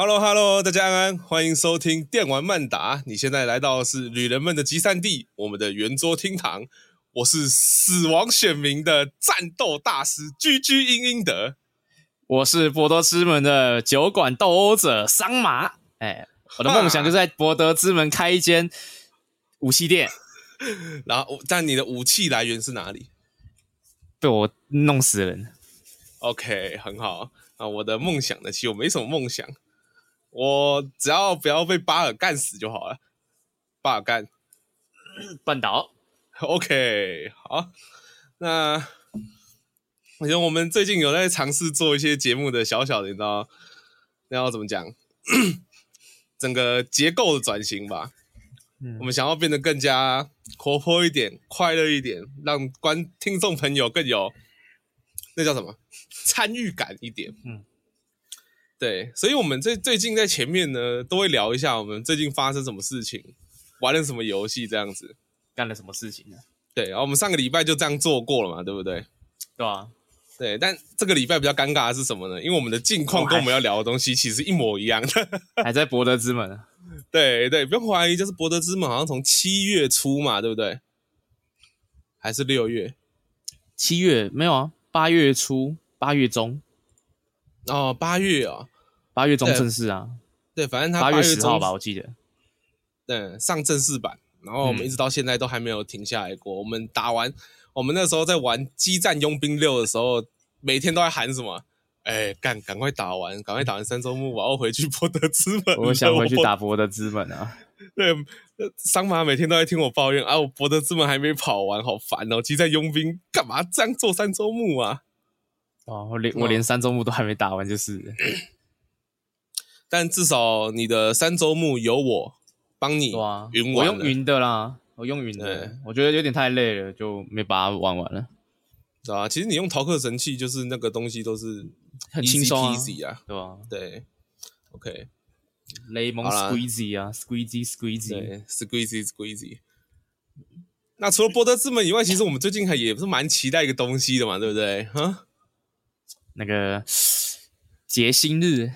Hello，Hello，hello, 大家安安，歡迎收聽電玩慢打。你現在來到的是旅人們的集散地，我們的圓桌廳堂。我是死亡選民的戰鬥大師居居英英德，我是柏德之門的酒館鬥毆者桑馬。哎，我的夢想就是在柏德之門開一間武器店。 然後，但你的武器來源是哪裡？被我弄死人了。OK，很好啊。那我的夢想呢？其實我沒什麼夢想。我只要不要被巴爾幹死就好了，巴爾幹半島。OK，好。那我覺得我們最近有在嘗試做一些節目的小小的，你知道要怎麼講？ 整個結構的轉型吧。嗯，我們想要變得更加活潑一點，快樂一點，讓觀聽眾朋友更有那叫什麼參與感一點。嗯。對，所以，我們最最近在前面呢，都會聊一下我們最近發生什麼事情，玩了什麼遊戲，這樣子，幹了什麼事情呢？對，然後我們上個禮拜就這樣做過了嘛，對不對？對啊，對。但這個禮拜比較尷尬的是什麼呢？因為我們的近況跟我們要聊的東西其實一模一樣的還，還在博德之門。 對對，不用懷疑，就是博德之門好像從七月初嘛，對不對？還是六月？七月沒有啊，八月初，八月中。哦，八月啊、哦，八月中正式啊，對，對，反正他八月十號吧，我記得。對，上正式版，然後我們一直到現在都還沒有停下來過。嗯、我們打完，我們那時候在玩《激戰傭兵六》的時候，每天都在喊什麼？哎，趕趕快打完，趕快打完三周目，然後回去博德之門，我想回去打博德之門啊。 對，桑馬每天都在聽我抱怨啊，我博德之門還沒跑完，好煩哦！激戰傭兵幹嘛這樣做三周目啊？哦，我連我連三周目都還沒打完，就是、嗯。但至少你的三周目有我幫你、啊、我用雲的啦，我用雲的，我覺得有點太累了，就沒把它玩完了，對、啊、其實你用逃課神器，就是那個東西都是很輕鬆 easy 啊，對吧、啊？對、啊、對，OK，雷蒙 squeezy 啊，squeezy squeezy squeezy squeezy，那除了柏德之門以外，其實我們最近還也是蠻期待一個東西的嘛，對不對？哈。那個劫薪日，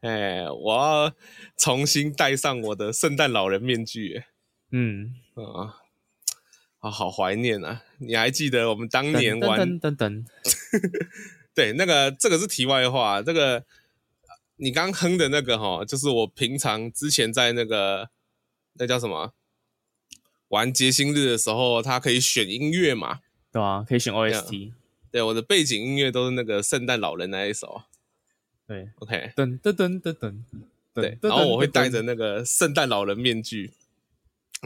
哎、欸，我要重新戴上我的聖誕老人面具。嗯啊，啊、哦哦，好懷念啊！你還記得我們當年玩？登登登登登 對，那個這個是題外話。這個你剛哼的那個哈、哦，就是我平常之前在那個那叫什麼玩劫薪日的時候，它可以選音樂嘛？對啊，可以選 OST。對我的背景音樂都是那個聖誕老人那一首，對，OK，噔噔，噔噔噔噔噔，對，然後我會戴着那個聖誕老人面具，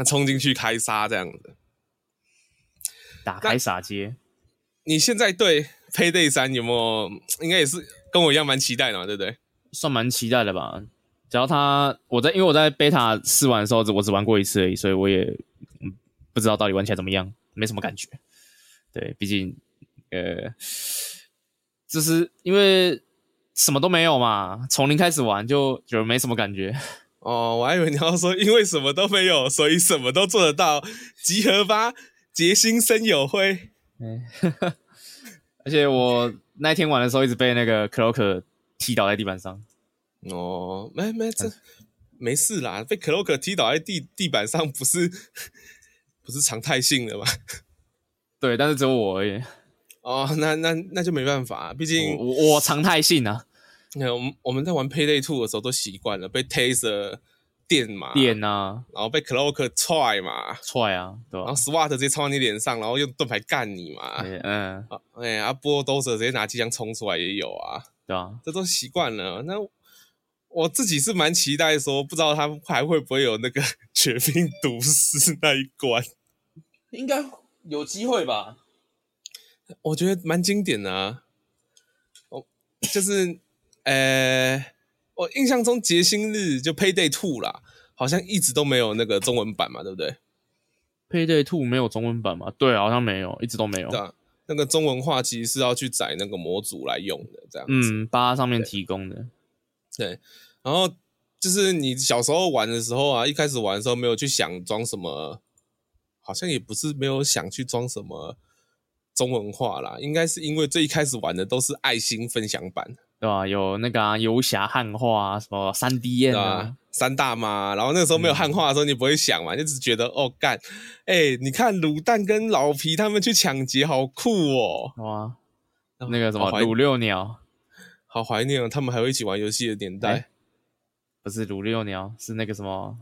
衝進去開殺這樣子，大開殺戒。你現在對《Payday 3》有沒有？應該也是跟我一樣蠻期待的嘛，對不對？算蠻期待的吧。只要他我在，因為我在 Beta 試玩的時候我只玩過一次而已，所以我也不知道到底玩起來怎麼樣，沒什麼感覺。對，畢竟。呃，就是因為什麼都沒有嘛，從零開始玩就覺得沒什麼感覺。哦，我還以為你要說因為什麼都沒有，所以什麼都做得到，集合吧，潔心生有灰。嗯、哎，而且我那天玩的時候，一直被那個克洛克踢倒在地板上。哦，沒沒這沒事啦，被克洛克踢倒在地地板上不是不是常態性的嗎？對，但是只有我而已。哦，那那那就沒辦法，啊，畢竟我，我，我常態性啊。你，嗯、看，我們我們在玩《Payday Two》的時候都習慣了被 Taser 電嘛，電啊，然後被 Cloaker 踹嘛，踹啊，對吧，啊？然後 S.W.A.T. 直接衝到你臉上，然後用盾牌幹你嘛，哎，嗯、啊，哎，啊 Bulldozer 直接拿機槍衝出來也有啊，對啊，這都習慣了。那我，我自己是蠻期待說，不知道他還會不會有那個絕命毒師那一關，應該有機會吧。我覺得蠻經典的、啊，哦， 就是，呃、欸，我印象中結心日就 Payday two 啦，好像一直都沒有那個中文版嘛，對不對？Payday two 沒有中文版嗎？對，好像沒有，一直都沒有。對、啊、那個中文化其實是要去載那個模組來用的，這樣子。嗯，八上面提供的對。對，然後就是你小時候玩的時候啊，一開始玩的時候沒有去想裝什麼，好像也不是沒有想去裝什麼。中文化啦，應該是因為最開始玩的都是愛心分享版，對吧、啊？有那個游俠漢化什麼 3DM 啊，三大媽。然後那個時候沒有漢化的時候，你不會想嘛，嗯、就只覺得哦干，哎、欸，你看滷蛋跟老皮他們去搶劫，好酷哦、喔！哇，那個什麼滷、哦、六鳥，好懷念哦，他們還會一起玩遊戲的年代，欸、不是滷六鳥，是那個什麼，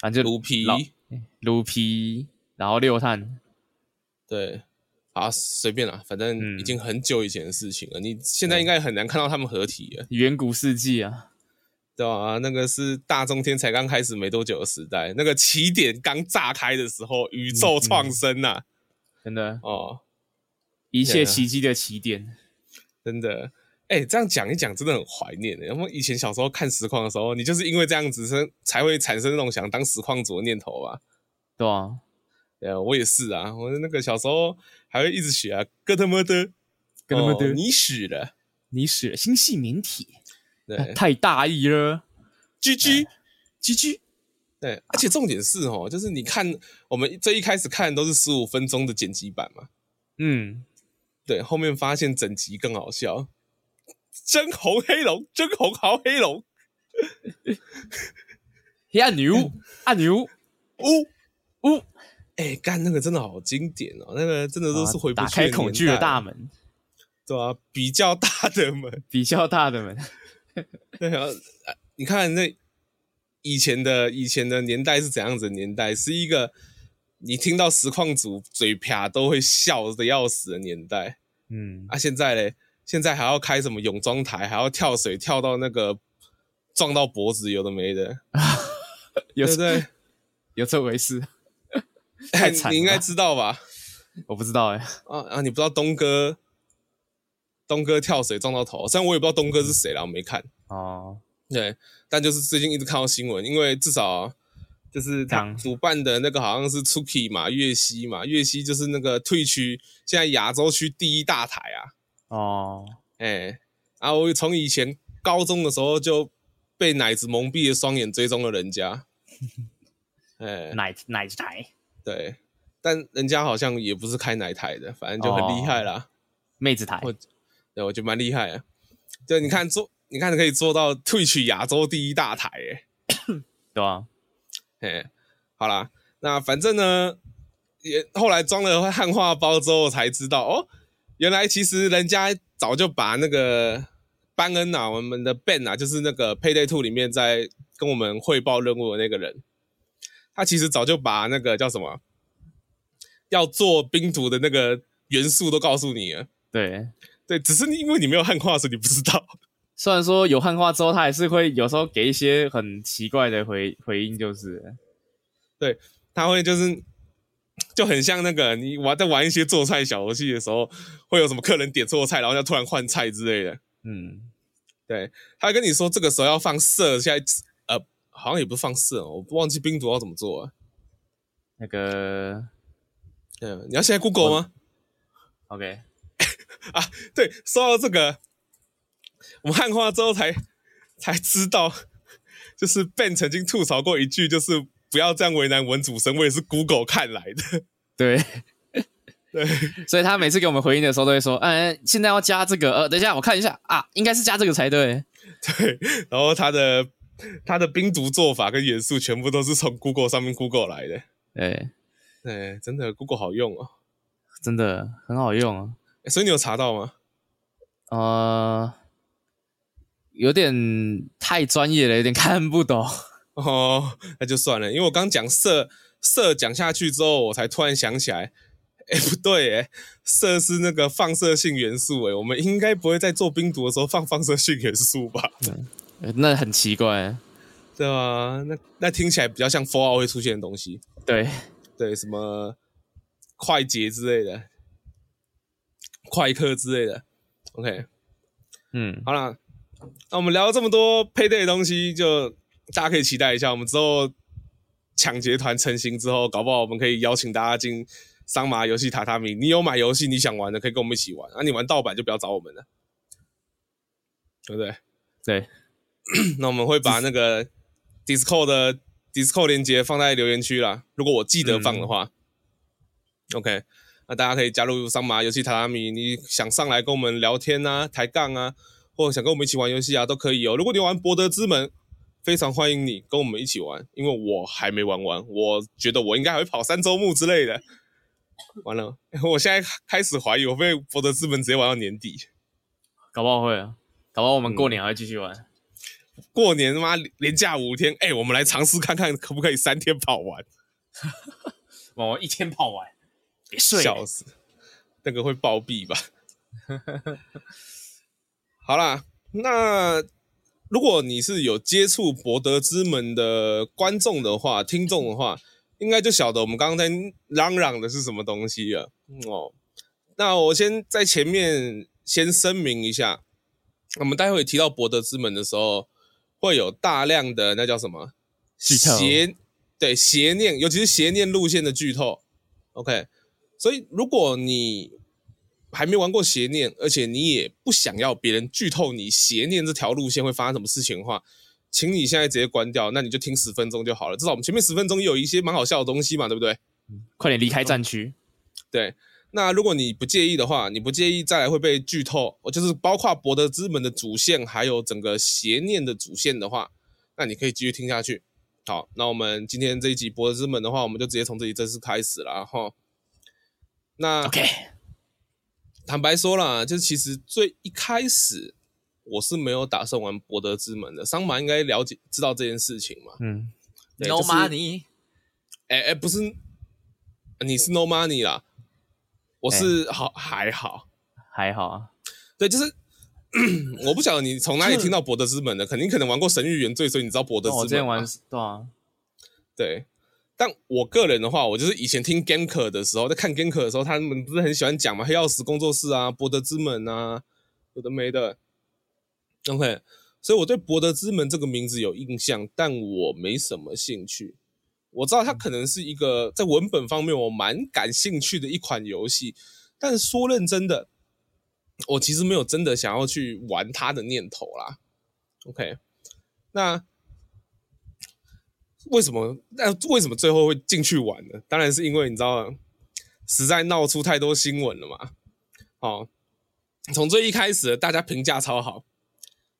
反正滷皮，滷、欸、皮，然後六嘆。對好，隨便啦，反正已經很久以前的事情了。嗯、你現在應該很難看到他們合體了。遠古世紀啊，對啊，那個是大中天才剛開始沒多久的時代，那個起點剛炸開的時候，宇宙創生啊，嗯嗯、真的哦，一切奇跡的起點，啊、真的。哎、欸，這樣講一講真的很懷念的、欸。我們以前小時候看實況的時候，你就是因為這樣子才會產生那種想當實況主的念頭吧？對啊。對，我也是啊！我的那個小時候還會一直學啊，哥他媽的，哥他媽的。你死了，你死了，星系名體太大意了，GG、呃、GG 對，而且重點是哦，啊、就是你看，我們最一開始看都是十五分鐘的剪輯版嘛，嗯，對，後面發現整集更好笑，真紅黑龍，真紅好黑龍，嘿 按牛、嗯，按牛，嗚、呃、嗚。呃呃呃哎，幹那個真的好經典哦！那個真的都是回不去，啊，打開恐懼的大門，對、啊、吧？比較大的門，比較大的門。 對啊，你看那以前的以前的年代是怎樣子的年代？是一個你聽到實況主嘴啪都會笑得要死的年代。嗯，啊，現在嘞？現在還要開什麼泳裝台，還要跳水跳到那個撞到脖子，有的沒的啊，有這 有這回事。哎、欸，你應該知道吧？我不知道哎、欸。啊啊，你不知道東哥，東哥跳水撞到頭。雖然我也不知道東哥是誰啦、嗯，我沒看。哦，對，但就是最近一直看到新聞，因為至少就是主辦的那個好像是 Tuki 嘛，粵西嘛，粵西就是那個退區，現在亞洲區第一大台啊。哦，哎、欸，啊，我從以前高中的時候就被奶子蒙蔽了雙眼，追蹤了人家。哎、 欸，奶奶子台。對，但人家好像也不是開哪台的，反正就很厲害啦，哦、妹子台我。對，我覺得蠻厲害啊。對，你看做，你看可以做到 Twitch 亞洲第一大台、欸，誒。對啊。嘿，好啦，那反正呢，也後來裝了漢化包之後才知道，哦，原來其實人家早就把那個班恩吶、啊，我們的 Ben 啊，就是那個 Payday 2裡面在跟我們匯報任務的那個人。他其實早就把那個叫什麼，要做冰毒的那個元素都告訴你了。對，對，只是因為你沒有漢化，所以你不知道。雖然說有漢化之後，他還是會有時候給一些很奇怪的回回應，就是，對，他會就是就很像那個你玩在玩一些做菜小遊戲的時候，會有什麼客人點錯菜，然後就突然換菜之類的。嗯，對，他跟你說這個時候要放色，現好像也不是放肆哦，我不忘記冰毒要怎麼做啊？那個，對，你要現在 Google 嗎？OK， 啊，對，說到這個，我們漢化之後才才知道，就是 Ben 曾經吐槽過一句，就是不要這樣為難文組生，我也是 Google 看來的。對， 對，所以他每次給我們回應的時候都會說，嗯，現在要加這個，呃，等一下我看一下啊，應該是加這個才對。對，然後他的。它的冰毒做法跟元素全部都是從 Google 上面 Google 來的。哎、欸，哎、欸，真的 Google 好用哦，真的很好用啊。哎、欸，所以你有查到嗎？啊、呃，有點太專業了，有點看不懂。哦，那就算了，因為我剛講色色講下去之後，我才突然想起來，哎、欸，不對、欸，哎，色是那個放射性元素、欸，哎，我們應該不會在做冰毒的時候放放射性元素吧？嗯那很奇怪、啊，對嗎、啊？那那聽起來比較像 Fallout 會出現的東西。對對，什麼快捷之類的、快客之類的。OK，嗯，好啦，那我們聊了這麼多配對的東西，就大家可以期待一下，我們之後搶劫團成型之後，搞不好我們可以邀請大家進桑麻遊戲榻榻米。你有買遊戲你想玩的，可以跟我們一起玩。那、啊、你玩盜版就不要找我們了，對不對？對。 那我們會把那個 Discord 的 Discord 連結放在留言區啦，如果我記得放的話、嗯、，OK，那大家可以加入桑馬遊戲塔拉米。你想上來跟我們聊天啊、抬槓啊，或者想跟我們一起玩遊戲啊，都可以哦、喔。如果你玩博德之門，非常歡迎你跟我們一起玩，因為我還沒玩完，我覺得我應該還會跑三周目之類的。完了，我現在開始懷疑我被博德之門直接玩到年底，搞不好會啊，搞不好我們過年還會繼續玩。嗯過年他媽連假五天，哎、欸，我們來嘗試看看可不可以三天跑完，我 一天跑完，別、欸、睡，笑死，那個會暴斃吧？ 好啦，那如果你是有接觸博德之門的觀眾的話、聽眾的話，應該就曉得我們剛才嚷嚷的是什麼東西了。哦，那我先在前面先聲明一下，我們待會提到博德之門的時候。會有大量的那叫什麼，邪，對邪念，尤其是邪念路線的劇透，OK。所以如果你還沒玩過邪念，而且你也不想要別人劇透你邪念這條路線會發生什麼事情的話，請你現在直接關掉，那你就聽十分鐘就好了，至少我們前面十分鐘有一些蠻好笑的東西嘛，對不對？嗯、快點離開戰區，嗯、對。那如果你不介意的話，你不介意再來會被劇透，就是包括柏德之門的主線，還有整個邪念的主線的話，那你可以繼續聽下去。好，那我們今天這一集柏德之門的話，我們就直接從這裡正式開始了哈。那，okay. 坦白說啦，就是其實最一開始我是沒有打算玩柏德之門的。桑麻應該了解知道這件事情嘛？嗯。No、就是、money。哎哎，不是，你是 No money 啦。我是好、欸、還好還好啊，對，就是 我不曉得你從哪裡聽到博德之門的，肯定可能玩過《神諭原罪》，所以你知道博德之門。哦，我今天玩，對啊，對。但我個人的話，我就是以前聽 Ganker 的時候，在看 Ganker 的時候，他們不是很喜歡講嘛，黑曜石工作室啊，博德之門啊，有的沒的。OK，所以我對博德之門這個名字有印象，但我沒什麼興趣。我知道它可能是一個在文本方面我蠻感興趣的一款遊戲，但說認真的，我其實沒有真的想要去玩它的念頭啦。OK，那為什麼？那為什麼最後會進去玩呢？當然是因為你知道，實在鬧出太多新聞了嘛。哦，從最一開始的大家評價超好，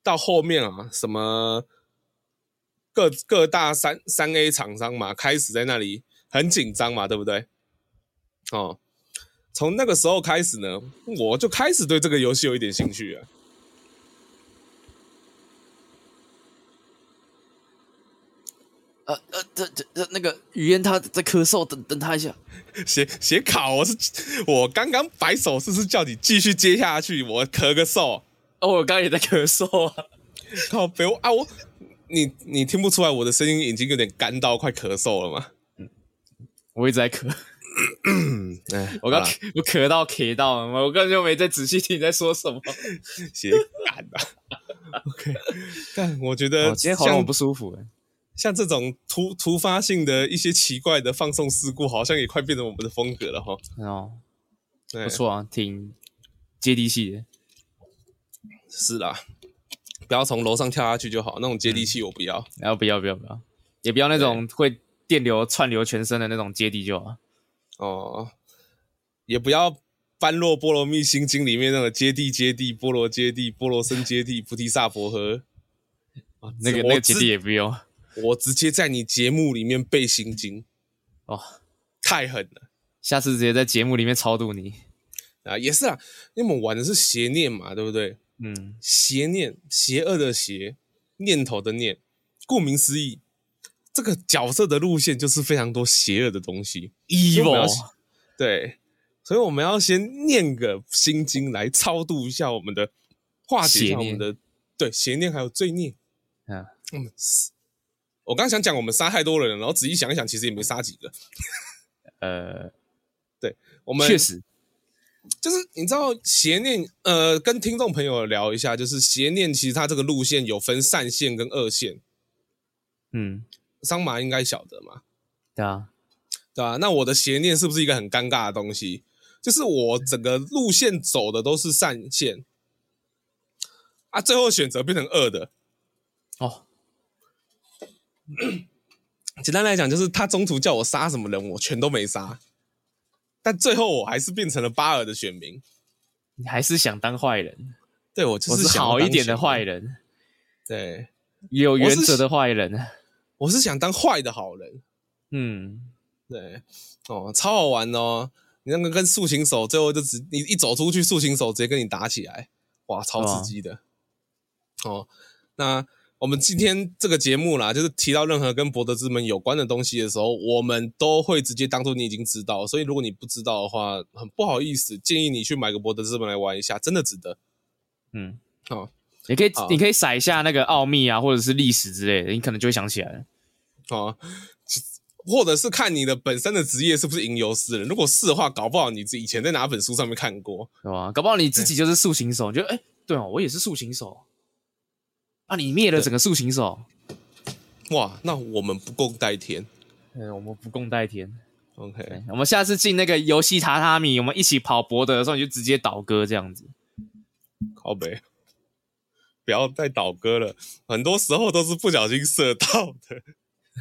到後面啊什麼。各各大三三 A 廠商嘛，開始在那裡很緊張嘛，對不對？哦，從那個時候開始呢，我就開始對這個遊戲有一點興趣了啊。呃、啊、呃，這這這那個語言他在咳嗽，等等他一下。寫寫卡，我是我剛剛擺手勢是不是叫你繼續接下去，我咳個嗽。哦，我剛剛也在咳嗽、啊。靠，別啊我。啊我你你聽不出來我的聲音已經有點乾到快咳嗽了嗎？我一直在咳，咳咳，我剛我咳到咳到了嘛，我剛才就沒再仔細聽你在說什麼，行。幹 的？OK，但我覺得像今天喉嚨不舒服，誒像這種突突發性的一些奇怪的放送事故，好像也快變成我們的風格了哈。哦、嗯，不錯啊，挺接地氣的，是啦。不要從樓上跳下去就好，那種接地氣我不要。然、嗯、後、啊、不要不要不要，也不要那種會電流串流全身的那種接地就好。哦，也不要《般若波羅蜜心經》裡面那個接地接地波羅接地波羅僧接地菩 提薩婆訶。那個那個接地也不用。我，我直接在你節目裡面背心經。哦，太狠了！下次直接在節目裡面超度你。啊，也是啊，因為我們玩的是邪念嘛，對不對？嗯，邪念，邪惡的邪，念頭的念，顧名思義，這個角色的路線就是非常多邪惡的東西。evil，對，所以我們要先念個心經來超度一下我們的，化解我們的邪，對，邪念還有罪孽，嗯。嗯，我剛想講我們殺太多人，然後仔細想一想，其實也沒殺幾個。 呃，對，我們確實。就是你知道邪念，呃，跟聽眾朋友聊一下，就是邪念其實它這個路線有分善線跟惡線，嗯，桑麻應該曉得嘛，對啊，對吧、啊？那我的邪念是不是一個很尷尬的東西？就是我整個路線走的都是善線，啊，最後選擇變成惡的，哦， 簡單來講就是他中途叫我殺什麼人，我全都沒殺。但最後我還是變成了巴爾的選民，你還是想當壞人？對，我就是，我是好一點的壞人，對，有原則的壞人我。我是想當壞的好人，嗯，對，哦，超好玩哦！你那個跟塑形手最後就只你一走出去，塑形手直接跟你打起來，哇，超刺激的。哦，哦那。我們今天這個節目啦，就是提到任何跟博德之門有關的東西的時候，我們都會直接當做你已經知道了。所以如果你不知道的話，很不好意思，建議你去買個博德之門來玩一下，真的值得。嗯，好、哦哦，你可以你可以骰一下那個奧秘啊，或者是歷史之類的，你可能就會想起來了。哦，或者是看你的本身的職業是不是吟遊詩人了。如果是的話，搞不好你自己以前在哪本書上面看過，對吧？搞不好你自己就是塑形手，就、欸，你覺得哎，對哦，我也是塑形手。啊！你滅了整個塑形手，哇！那我們不共戴天。嗯，我們不共戴天。OK，我們下次進那個遊戲榻榻米，我們一起跑柏德的時候，你就直接倒戈這樣子。靠北。不要再倒戈了。很多時候都是不小心射到的。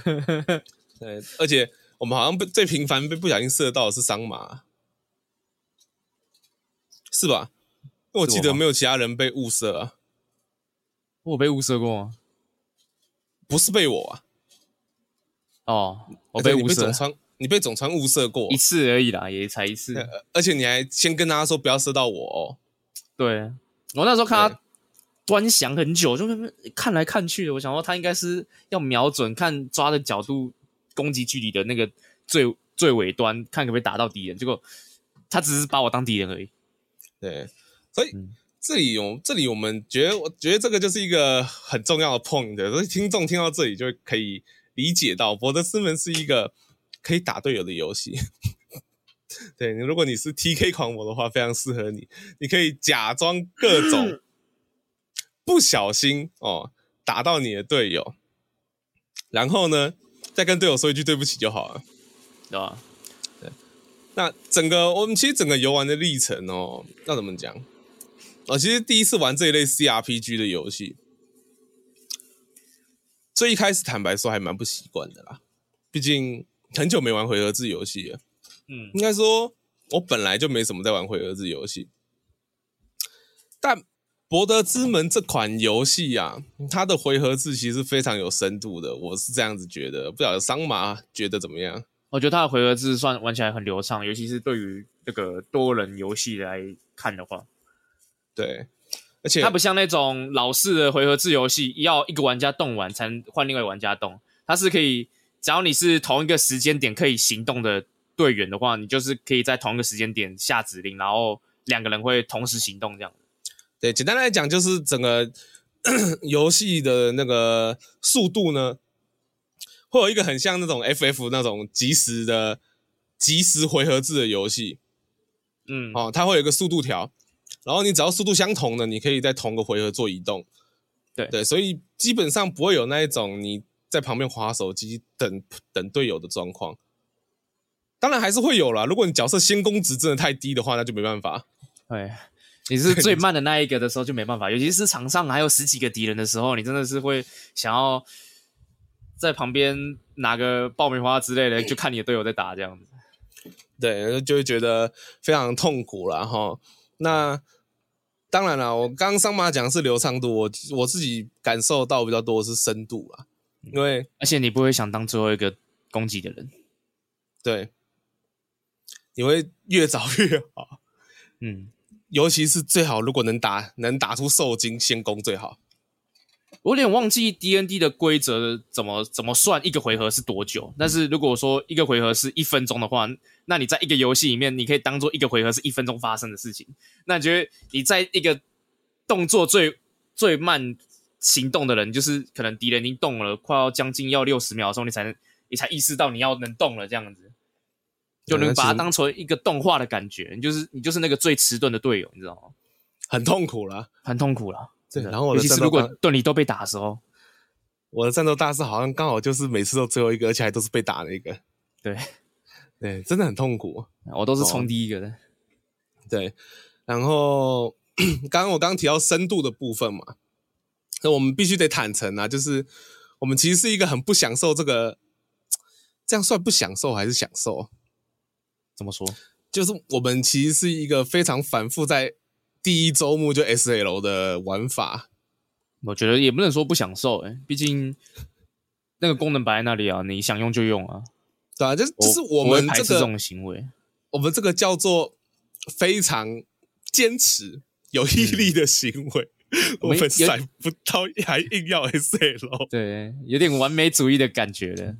呵 呵，對，而且我們好像被最頻繁被不小心射到的是桑馬，是吧？是我？我記得沒有其他人被誤射啊。我被誤射過嗎？啊？不是被我啊！哦，我被誤射，欸。你被總川，你被總川誤射過，啊，一次而已啦，也才一次。而且你還先跟大家說不要射到我哦。對，我那時候看他端詳很久，就看來看去的，我想說他應該是要瞄準看抓的角度，攻擊距離的那個最最尾端，看可不可以打到敵人。結果他只是把我當敵人而已。對，所以，嗯這裡有這裡我們覺得，我覺得這個就是一個很重要的 point，所以聽眾聽到這裡就可以理解到，博德斯門是一個可以打隊友的遊戲。 對你，如果你是 TK 狂魔的話，非常適合你，你可以假裝各種不小心哦，打到你的隊友，然後呢，再跟隊友說一句對不起就好了。啊，對。那整個我們其實整個遊玩的歷程哦，那怎麼講？我其實第一次玩這一類 CRPG 的遊戲，最一開始坦白說還蠻不習慣的啦，畢竟很久沒玩回合制遊戲了。嗯，應該說我本來就沒什麼在玩回合制遊戲，但《博德之門》這款遊戲啊，它的回合制其實非常有深度的，我是這樣子覺得。不曉得桑麻覺得怎麼樣？我覺得它的回合制算玩起來很流暢，尤其是對於這個多人遊戲來看的話。對，而且它不像那種老式的回合制遊戲，要一個玩家動完才能換另外一個玩家動。它是可以，只要你是同一個時間點可以行動的隊員的話，你就是可以在同一個時間點下指令，然後兩個人會同時行動這樣。對，簡單來講就是整個呵呵遊戲的那個速度呢，會有一個很像那種 FF 那種即時的即時回合制的遊戲。嗯，哦，它會有一個速度條。然後你只要速度相同的，你可以在同個回合做移動對，對對，所以基本上不會有那一種你在旁邊滑手機等等隊友的狀況。當然還是會有啦，如果你角色先攻值真的太低的話，那就沒辦法。對，你是最慢的那一個的時候就沒辦法， 尤其是場上還有十幾個敵人的時候，你真的是會想要在旁邊拿個爆米花之類的，就看你的隊友在打這樣子。對，就會覺得非常痛苦啦。吼。那、嗯當然啦，我剛剛桑馬講的是流暢度，我我自己感受到比較多的是深度啊、嗯，因為而且你不會想當最後一個攻擊的人，對，你會越早越好，嗯，尤其是最好如果能打能打出受精先攻最好。我有點忘記 DND 的規則怎麼怎麼算一個回合是多久。但是如果說一個回合是一分鐘的話，那你在一個遊戲裡面，你可以當做一個回合是一分鐘發生的事情。那你覺得你在一個動作最最慢行動的人，就是可能敵人已經動了，快要將近要六十秒的時候，你才能你才意識到你要能動了，這樣子就能把它當成一個動畫的感覺。你就是你就是那個最遲鈍的隊友，你知道嗎？很痛苦了，很痛苦了。然後我，尤其是如果盾裡都被打的時候，我的戰鬥大師好像剛好就是每次都最後一個，而且還都是被打的一個，對，對，真的很痛苦。我都是衝第一個的，哦、對。然後，剛剛我剛提到深度的部分嘛，那我們必須得坦誠啊，就是我們其實是一個很不享受這個，這樣算不享受還是享受？怎麼說？就是我們其實是一個非常反復在。第一周目就 S L 的玩法，我覺得也不能說不享受誒、欸，畢竟那個功能擺在那裡啊，你想用就用啊，對啊，就是就是我們這個、這種行為，我們這個叫做非常堅持、有毅力的行為，嗯、 我們甩不到還硬要 S L， 對，有點完美主義的感覺的，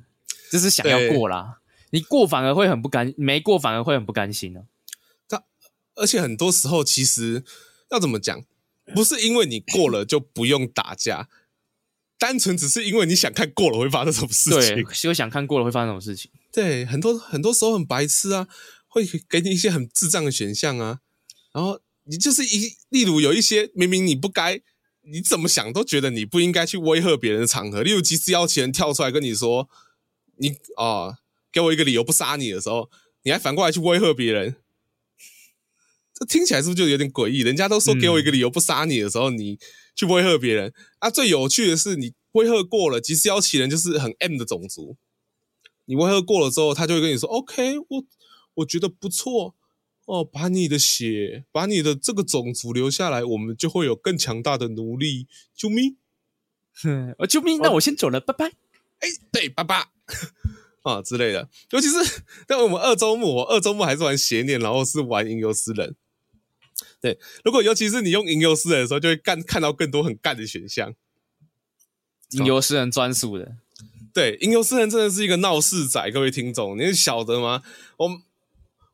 就是想要過啦，你過反而會很不甘，沒過反而會很不甘心呢、啊。而且很多時候，其實要怎麼講，不是因為你過了就不用打架， 單純只是因為你想看過了會發生什麼事情。對，就想看過了會發生什麼事情。對，很多很多時候很白痴啊，會給你一些很智障的選項啊，然後你就是一例如有一些明明你不該，你怎麼想都覺得你不應該去威嚇別人的場合，例如即時邀請人跳出來跟你說，你哦，給我一個理由不殺你的時候，你還反過來去威嚇別人。聽起來是不是就有點詭異？人家都說給我一個理由不殺你的時候，嗯、你去威嚇別人啊！最有趣的是，你威嚇過了，吉斯妖奇人就是很 M 的種族。你威嚇過了之後，他就會跟你說、嗯、：“OK，我我覺得不錯哦，把你的血，把你的這個種族留下來，我們就會有更強大的奴隸。”救命！啊，救命！那我先走了，拜拜。哎、欸，對，拜拜啊、 哦、之類的。尤其是在我們二週目，我二週目還是玩邪念，然後是玩吟遊詩人。對，如果尤其是你用吟遊詩人的時候，就會乾看到更多很干的選項。吟遊詩人專屬的，對，吟遊詩人真的是一個鬧事仔。各位聽眾，你曉得嗎？我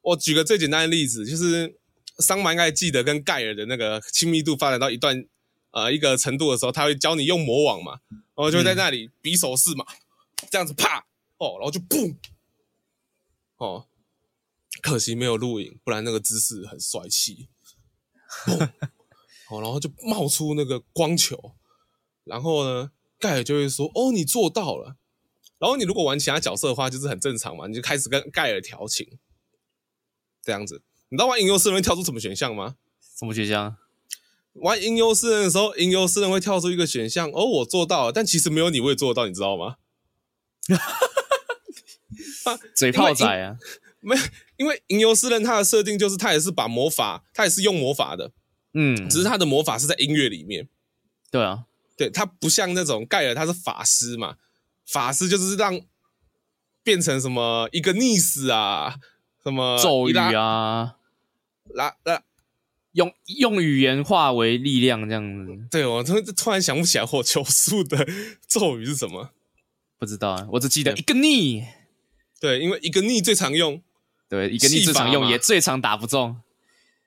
我舉個最簡單的例子，就是桑蠻應該記得跟蓋爾的那個親密度發展到一段呃一個程度的時候，他會教你用魔網嘛，然後就在那裡比手勢嘛、嗯，這樣子啪哦，然後就嘣哦，可惜沒有錄影，不然那個姿勢很帥氣。 哦、然後就冒出那個光球，然後呢，蓋爾就會說：“哦，你做到了。”然後你如果玩其他角色的話，就是很正常嘛，你就開始跟蓋爾調情，這樣子。你知道玩吟遊詩人會跳出什麼選項嗎？什麼選項？玩吟遊詩人的時候，吟遊詩人會跳出一個選項，哦，我做到了，但其實沒有你會做到，你知道嗎？嘴炮仔啊，因為吟遊詩人他的設定就是他也是把魔法，他也是用魔法的，嗯，只是他的魔法是在音樂裡面。對啊，對，他不像那種蓋爾，他是法師嘛，法師就是讓變成什麼一個逆死啊，什麼咒語啊，啦啦，用用語言化為力量這樣子。對，我突然突然想不起來火球術的咒語是什麼？不知道啊，我只記得一個逆，對，因為一個逆最常用。對，一個逆之常用也最常打不中，啊，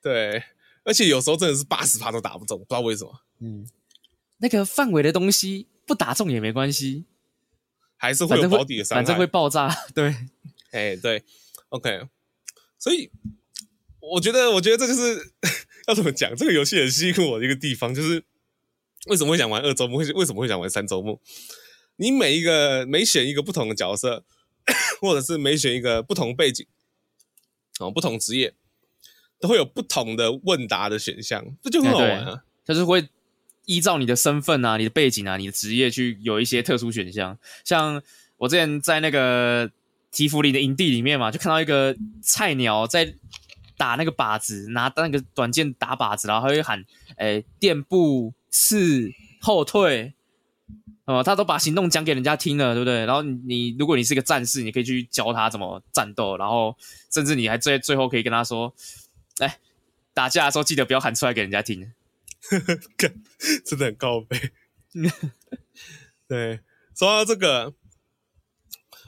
對，而且有時候真的是八十趴都打不中，不知道為什麼。嗯，那個範圍的東西不打中也沒關係，還是會有保底的傷害，反正會爆炸。對，哎、 hey,，對，OK。所以我覺得，我覺得這就是 要怎麼講這個遊戲很吸引我的一個地方，就是為什麼會想玩二周目，為什麼會想玩三周目？你每一個每選一個不同的角色， 或者是每選一個不同背景。什麼不同職業都會有不同的問答的選項，這就很好玩啊，啊！就是會依照你的身份啊、你的背景啊、你的職業去有一些特殊選項。像我之前在那個提弗林的營地裡面嘛，就看到一個菜鳥在打那個靶子，拿那個短劍打靶子，然後他會喊：“哎，墊步刺，後退。”哦、呃，他都把行動講給人家聽了，對不對？然後你，如果你是個戰士，你可以去教他怎麼戰鬥，然後甚至你還最最後可以跟他說：“哎，打架的時候，記得不要喊出來給人家聽。”呵呵，真的很靠北。 對，說到這個，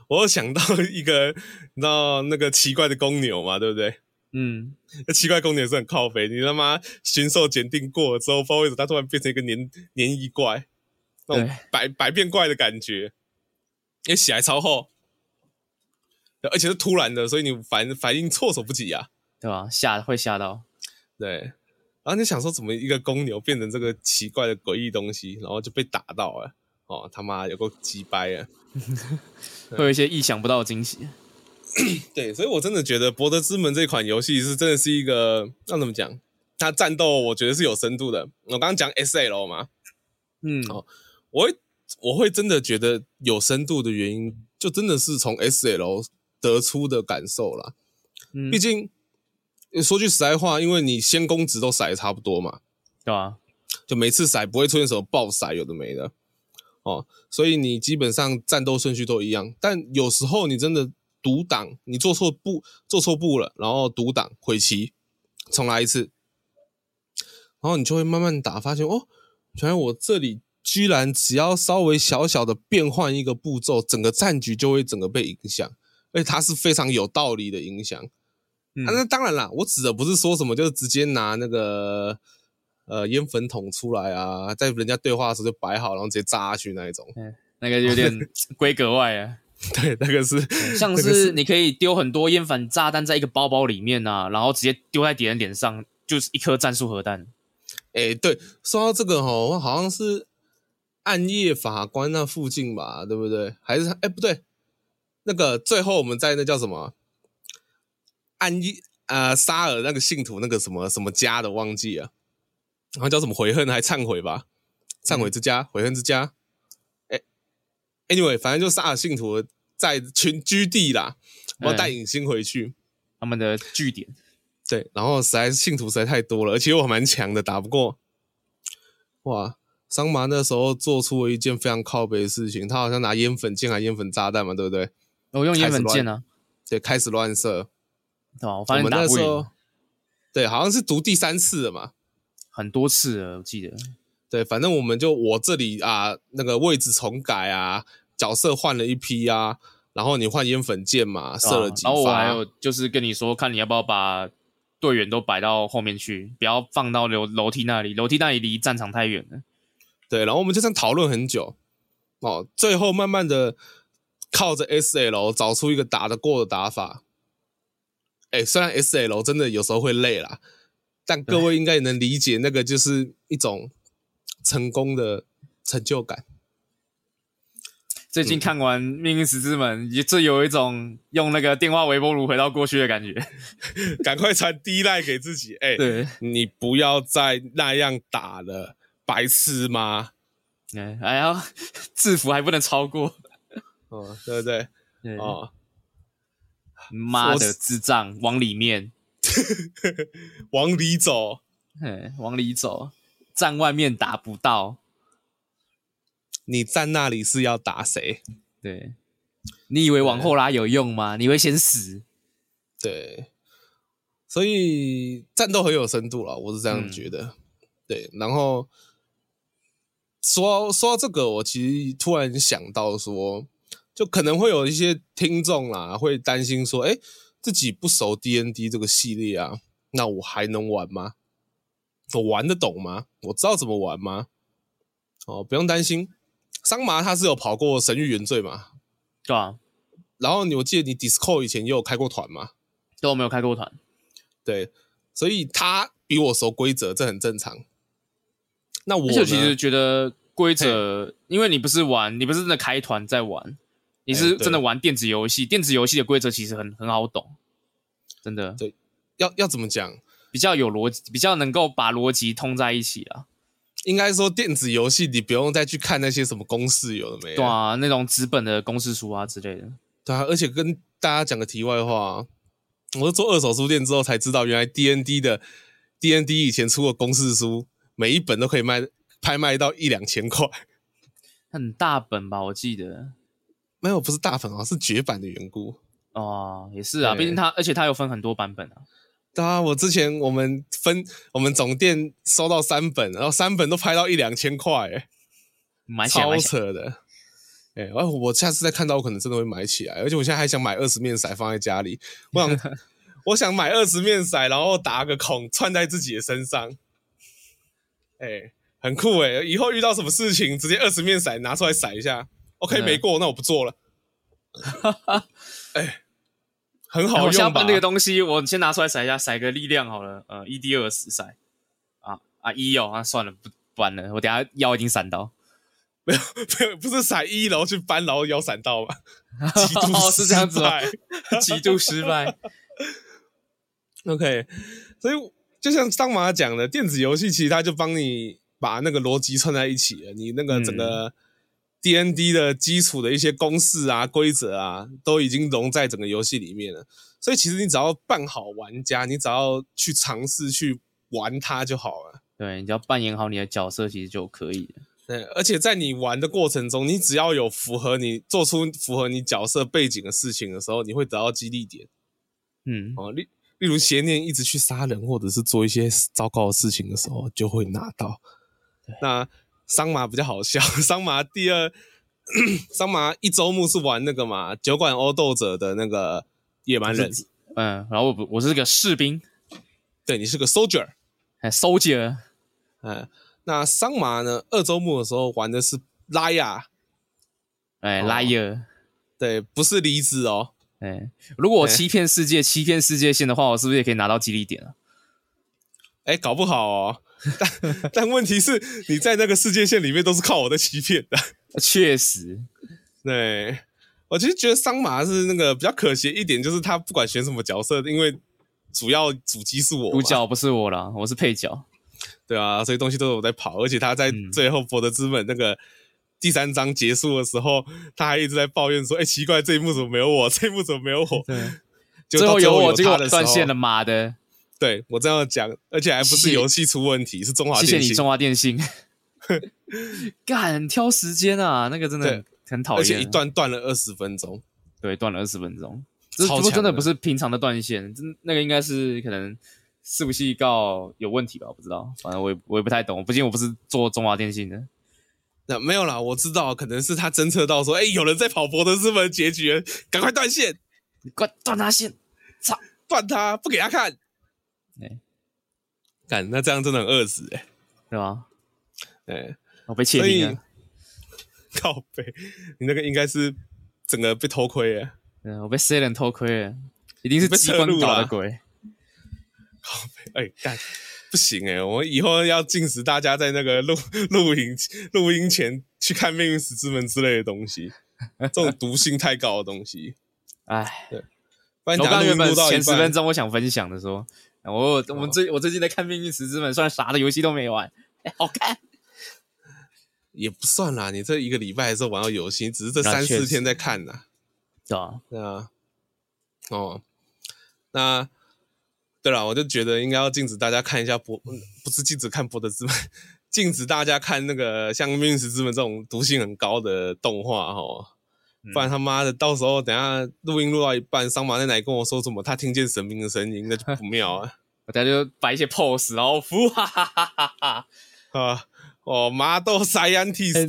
我又想到一個那那個奇怪的公牛嘛，對不對？嗯，那奇怪公牛也是很靠北，你他媽馴獸檢定過了之後，不好意思他突然變成一個黏黏液怪。那種百百變怪的感覺，因為血還超厚，而且是突然的，所以你反反應措手不及啊，對吧、啊？嚇會嚇到，對。然後你想說，怎麼一個公牛變成這個奇怪的詭異東西，然後就被打到了，哦，他媽，有夠雞掰啊！ 會有一些意想不到的驚喜。 對，所以我真的覺得《博德之門》這款遊戲是真的是一個，那怎麼講？它戰鬥我覺得是有深度的。我剛剛講 SL 嘛，嗯，哦。我會我會真的覺得有深度的原因，就真的是從 SL 得出的感受啦。嗯，畢竟說句實在話，因為你先攻值都骰得差不多嘛，對吧、啊？就每次骰不會出現什麼爆骰，有的沒的哦，所以你基本上戰鬥順序都一樣。但有時候你真的讀檔，你做錯步做錯步了，然後讀檔悔棋，重來一次，然後你就會慢慢打，發現哦，原來我這裡。居然只要稍微小小的變換一個步驟，整個戰局就會整個被影響，而且它是非常有道理的影響。那、嗯啊、當然啦，我指的不是說什麼，就是直接拿那個呃煙粉桶出來啊，在人家對話的時候就擺好，然後直接炸去那一種，欸、那個有點規 格外。啊。對，那個是、欸、像是,是你可以丟很多煙粉炸彈在一個包包裡面啊，然後直接丟在敵人臉上，就是一顆戰術核彈。哎、欸，對，說到這個哦、喔，好像是。暗夜法官那附近吧，對不對？還是哎，不對，那個最後我們在那叫什麼暗夜啊、呃？沙爾那個信徒那個什麼什麼家的，忘記了。然後叫什麼悔恨還懺悔吧？懺悔之家，悔恨之家，嗯。哎，anyway，反正就沙爾信徒在群居地啦。然後帶影心回去、嗯，他們的據點。對，然後實在是信徒實在太多了，而且我蠻強的，打不過。哇。桑麻那時候做出了一件非常靠北的事情，他好像拿煙粉箭還煙粉炸彈嘛，對不對？我、哦、用煙粉箭啊，對，開始亂射。哦、啊，反正那時候對，好像是讀第三次了嘛，很多次了，我記得。對，反正我們就我這裡啊，那個位置重改啊，角色換了一批啊，然後你換煙粉箭嘛，射了幾發、啊。然後我還有就是跟你說，看你要不要把隊員都擺到後面去，不要放到樓樓梯那裡，樓梯那裡離戰場太遠了。對，然後我們就這樣討論很久，哦，最後慢慢的靠着 S L 找出一個打得過的打法。哎，雖然 S L 真的有時候會累啦，但各位應該也能理解，那個就是一種成功的成就感。最近看完《命運石之門》嗯，也是有一種用那個電話微波爐回到過去的感覺， 趕快傳 D-mail 給自己，哎，對，你不要再那樣打了。白痴嗎？哎呀，制服還不能超過，哦，對不對？對對對哦，媽的，智障，往裡面， 往裡走嘿，往裡走，站外面打不到，你站那裡是要打誰？對，你以為往後拉有用嗎？你會先死，對，所以戰鬥很有深度了，我是這樣覺得，嗯、對，然後。說說到這個，我其實突然想到說，就可能會有一些聽眾啦，會擔心說，哎，自己不熟 DND 這個系列啊，那我還能玩嗎？我玩得懂嗎？我知道怎麼玩嗎？哦，不用擔心，桑麻他是有跑過《神諭原罪》嘛，對啊。然後你我記得你 Discord 以前也有開過團嘛，都沒有開過團。對，所以他比我熟規則，這很正常。那我，我其實覺得規則，因為你不是玩，你不是真的開團在玩。欸，你是真的玩電子遊戲。電子遊戲的規則其實很很好懂，真的。對，要要怎麼講？比較有邏輯，比較能夠把邏輯通在一起啊。應該說，電子遊戲你不用再去看那些什麼公式有了沒有？對啊，那種紙本的公式書啊之類的。對啊，而且跟大家講個題外話，我是做二手書店之後才知道，原來 DND 的 DND 以前出過公式書。每一本都可以賣拍賣到一兩千塊，很大本吧？我記得。沒有，不是大本啊，是絕版的緣故。哦，也是啊，畢竟它，而且它有分很多版本啊。對啊，我之前我們分，我們總店收到三本，然後三本都拍到一兩千塊，哎，買起來超扯的，哎，我我下次再看到我可能真的會買起來，而且我現在還想買二十面骰放在家裡，我想 我想買二十面骰，然後打個孔串在自己的身上。欸，很酷欸！以後遇到什麼事情，直接二十面骰拿出來骰一下。OK，嗯，沒過，那我不做了。哈哈，哎，很好用吧。欸。我先搬那個東西，我先拿出來骰一下，骰個力量好了。呃，一 D 二十骰啊啊一哦，那，啊，算了，不搬了。我等下腰已經閃到，沒有沒有，不是骰一，然後去搬，然後腰閃到吧 極度失敗 是這樣子嗎？極度失敗。 OK，所以。就像桑馬講的，電子遊戲其實他就幫你把那個邏輯串在一起了。你那個整個 D N D 的基礎的一些公式啊、規則啊，都已經融在整個遊戲裡面了。所以其實你只要扮好玩家，你只要去嘗試去玩它就好了。對，你只要扮演好你的角色，其實就可以。對，而且在你玩的過程中，你只要有符合你做出符合你角色背景的事情的時候，你會得到激勵點。嗯，哦，你，例如邪念一直去殺人，或者是做一些糟糕的事情的時候，就會拿到。那桑麻比較好笑，桑麻第二，咳咳桑麻一周目是玩那個嘛酒館毆鬥者的那個野蠻人，嗯、呃，然後不，我是個士兵，對，你是個 soldier，哎、欸、，soldier，嗯、呃，那桑麻呢，二周目的時候玩的是 liar，哎 liar，對，不是離子哦。哎、欸，如果我欺騙世界、欸、欺騙世界線的話，我是不是也可以拿到激勵點啊？哎、欸，搞不好哦。 但但問題是，你在那個世界線裡面都是靠我的欺騙的。確實，對，我其實覺得桑馬是那個比較可惜一點，就是他不管選什麼角色，因為主要主機是我，主角不是我啦，我是配角。對啊，所以東西都是我在跑，而且他在最後博德之門那個。嗯第三章結束的時候，他還一直在抱怨說：“哎、欸，奇怪，這一幕怎麼沒有我？這一幕怎麼沒有我？”對，最後有我這個斷線了，媽的！對，我這樣講，而且還不是遊戲出問題，是，是中華電信。謝謝你，中華電信。幹 挑時間啊，那個真的很討厭，而且一段斷了二十分鐘。對，斷了二十分鐘，這這真的不是平常的斷線，真那個應該是可能是不是預告有問題吧？我不知道，反正我也我也不太懂，畢竟我不是做中華電信的。沒有啦，我知道，可能是他偵測到說，哎、欸，有人在跑柏德，是不是？結局，趕快斷線！你快斷他線！操，斷他，不給他看。哎、欸，幹，那這樣真的很餓死、欸，哎，是吧？哎，我被竊聽了。靠北，你那個應該是整個被偷窺了。嗯，我被 Siren 偷窺了，一定是機關搞的鬼。靠北，哎、欸，幹。不行，哎、欸，我以後要禁止大家在那個錄錄音錄音前去看《命運石之門》之類的東西，這種毒性太高的東西。哎， 對。我看原本前十分鐘，我想分享的時候，我我，我最我最近在看《命運石之門》，雖然啥的遊戲都沒玩，哎、欸，好看。也不算啦，你這一個禮拜還是玩到遊戲，只是這三四天在看吶。對對啊。哦，那。對了，我就覺得應該要禁止大家看一下柏、嗯，不是禁止看柏德之門，禁止大家看那個像《命運石之門》這種毒性很高的動畫哈、哦嗯，不然他媽的到時候等下錄音錄到一半，桑馬在那裡跟我說什麼，他聽見神明的聲音，那就不妙啊！大家就擺一些 pose，然後，哈哈哈哈哈哈啊，哦，麻豆 Scientist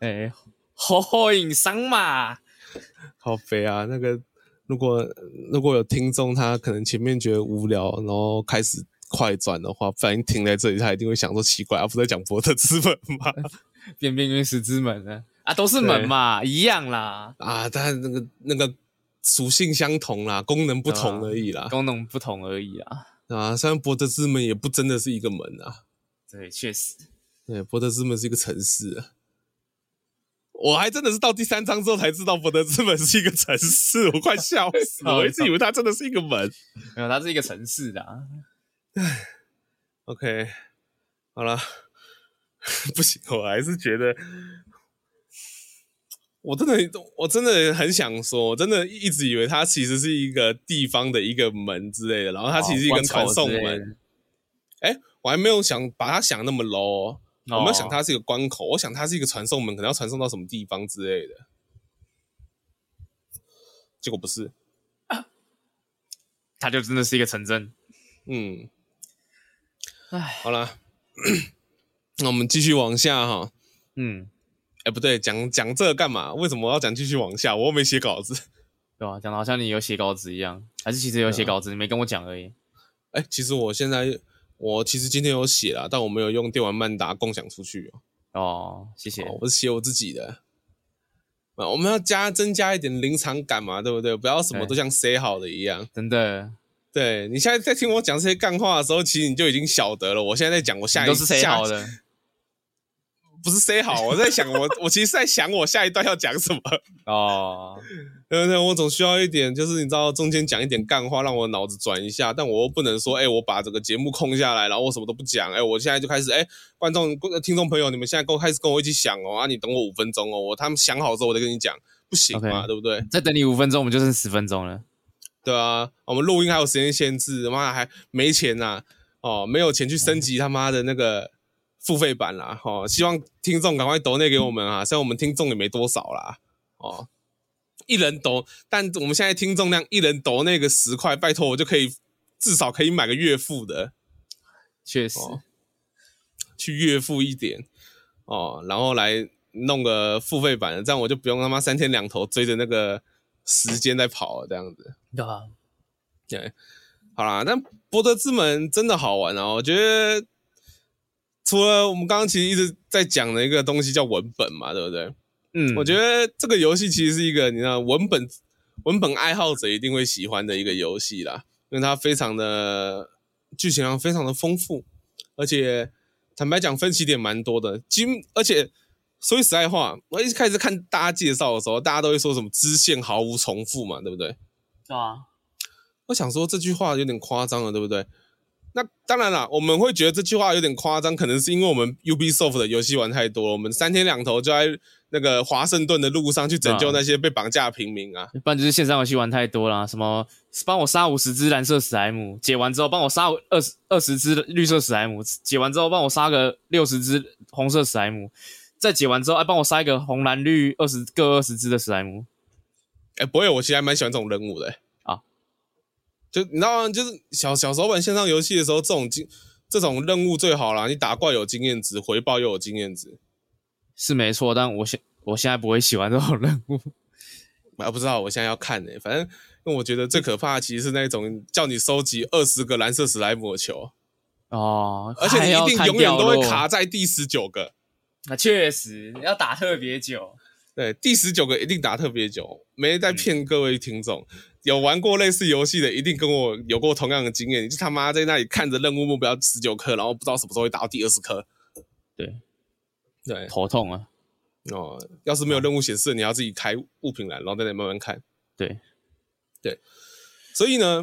哎，歡、欸、迎、欸、桑馬，好肥啊那個。如果如果有聽眾，他可能前面覺得無聊，然後開始快轉的話，反正停在這裡，他一定會想說奇怪啊，不是在講柏德之門嗎？變變命運石之門呢？啊，都是門嘛，一樣啦啊，但那個那個屬性相同啦，功能不同而已啦，啊，功能不同而已啊啊，雖然柏德之門也不真的是一個門啊，對，確實，對，柏德之門是一個城市啊。我還真的是到第三章之後才知道柏德之門是一個城市，我快笑死了！ 我一直以為它真的是一個門， 沒有，它是一個城市的、啊。唉 ，OK，好了啦， 不行，我還是覺得，我真的很，我真的很想說，我真的一直以為它其實是一個地方的一個門之類的，然後它其實是一個傳送門。誒、哦欸、我還沒有想把它想那麼 low。我沒有想它是一個關口，哦、我想它是一個傳送門，可能要傳送到什麼地方之類的。結果不是，它、啊、就真的是一個城鎮。嗯，哎，好了，那 我們繼續往下哈。嗯，哎、欸，不對，講講這個幹嘛？為什麼我要講繼續往下？我又沒寫稿子，對吧、啊？講的好像你有寫稿子一樣，還是其實有寫稿子、嗯啊，你沒跟我講而已。哎、欸，其實我現在。我其實今天有寫啦，但我沒有用電玩慢打共享出去哦、喔。哦，謝謝。哦、我是寫我自己的。我們要加增加一點臨場感嘛，對不對？不要什麼都像塞好的一樣，對。真的，對，你現在在聽我講這些幹話的時候，其實你就已經曉得了。我現在在講，我下一下都是塞好的。不是塞好，我在想我，我 我其實在想，我下一段要講什麼哦、oh. 對不對？我總需要一點，就是你知道，中間講一點幹話，讓我腦子轉一下。但我又不能說，哎、欸，我把這個節目空下來，然後我什麼都不講。哎、欸，我現在就開始，哎、欸，觀眾、聽眾朋友，你們現在跟開始跟我一起想哦，啊，你等我五分鐘哦，我他們想好之後，我再跟你講，不行啊，okay. 對不對？再等你五分鐘，我們就剩十分鐘了。對啊，我們錄音還有時間限制，媽還沒錢吶、啊，哦，沒有錢去升級他媽的那個。付費版啦，吼、哦！希望聽眾趕快抖那個給我們啊！雖然我們聽眾也沒多少啦，哦，一人抖，但我們現在聽眾量一人抖那個十塊，拜托我就可以至少可以買個月付的。確實、哦，去月付一點哦，然後來弄個付費版的，這樣我就不用他媽三天兩頭追着那個時間在跑了。這樣子對啊，對、yeah,，好啦，那博德之門真的好玩哦、喔，我覺得。除了我們剛剛其實一直在講的一個東西叫文本嘛，對不對？嗯，我覺得這個遊戲其實是一個你知道文本，文本愛好者一定會喜歡的一個遊戲啦，因為它非常的劇情上非常的豐富，而且坦白講分歧點蠻多的。今而且說句實在話，我一開始看大家介紹的時候，大家都會說什麼支線毫無重複嘛，對不對？是啊，我想說這句話有點誇張了，對不對？那當然啦，我們會覺得這句話有點誇張，可能是因為我們 Ubisoft 的遊戲玩太多了，我們三天兩頭就在那個華盛頓的路上去拯救那些被綁架的平民啊。嗯啊，一般就是線上遊戲玩太多了啊，什麼幫我殺五十只藍色史萊姆，解完之後幫我殺二十二十只綠色史萊姆，解完之後幫我殺個六十只紅色史萊姆，再解完之後，哎，幫我殺一個紅藍綠二十各二十只的史萊姆。哎、欸，不會，我其實還蠻喜歡這種人物的欸。就你知道嗎？就是小小時候玩線上遊戲的時候，這種經這種任務最好啦。你打怪有經驗值，回報又有經驗值，是沒錯。但我現我現在不會喜歡這種任務。我要不知道我現在要看誒、欸。反正，因為我覺得最可怕的其實是那種叫你收集二十個藍色史萊姆球哦，而且你一定永遠都會卡在第十九個。那、啊、確實要打特別久。對，第十九個一定打特別久，沒在騙各位聽眾。嗯、有玩過類似遊戲的，一定跟我有過同樣的經驗，你就他媽在那裡看着任務目標十九顆，然後不知道什麼時候會打到第二十顆。對，對，頭痛啊！哦，要是沒有任務顯示，你要自己開物品欄，然後在那裡慢慢看。對，對。所以呢，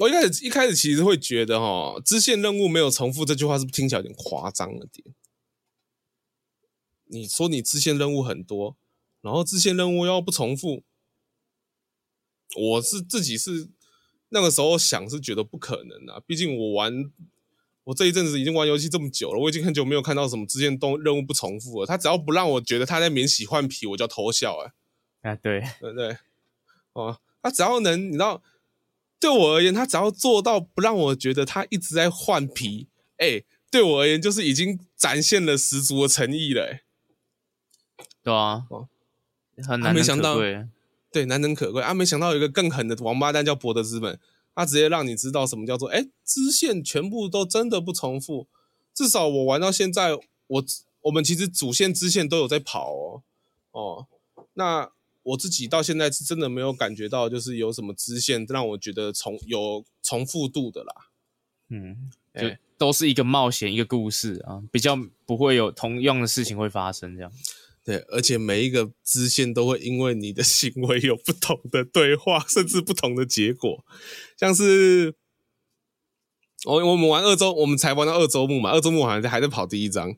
我一開始一開始其實會覺得、哦，哈，支線任務沒有重複這句話，是不是聽起來有點誇張了點？你說你支線任務很多。然後支線任務要不重複，我是自己是那個時候想是覺得不可能啊，畢竟我玩我這一陣子已經玩遊戲這麼久了，我已經很久沒有看到什麼支線任務任務不重複了。他只要不讓我覺得他在免洗換皮，我就要偷笑啊。啊，對對對，哦，他只要能你知道，對我而言，他只要做到不讓我覺得他一直在換皮，誒，對我而言就是已經展現了十足的誠意了誒，對啊。很難、啊、沒想到，對，對，難能可貴啊！沒想到有一個更狠的王八蛋叫柏德之門，他直接讓你知道什麼叫做，哎，支線全部都真的不重複。至少我玩到現在，我我們其實主線支線都有在跑哦哦。那我自己到現在是真的沒有感覺到，就是有什麼支線讓我覺得重有重複度的啦。嗯，對，都是一個冒險，一個故事啊，比較不會有同樣的事情會發生這樣。對，而且每一個支線都會因為你的行為有不同的對話，甚至不同的結果。像是我、哦、我們玩二周，我們才玩到二周目嘛，二周目好像還在跑第一章。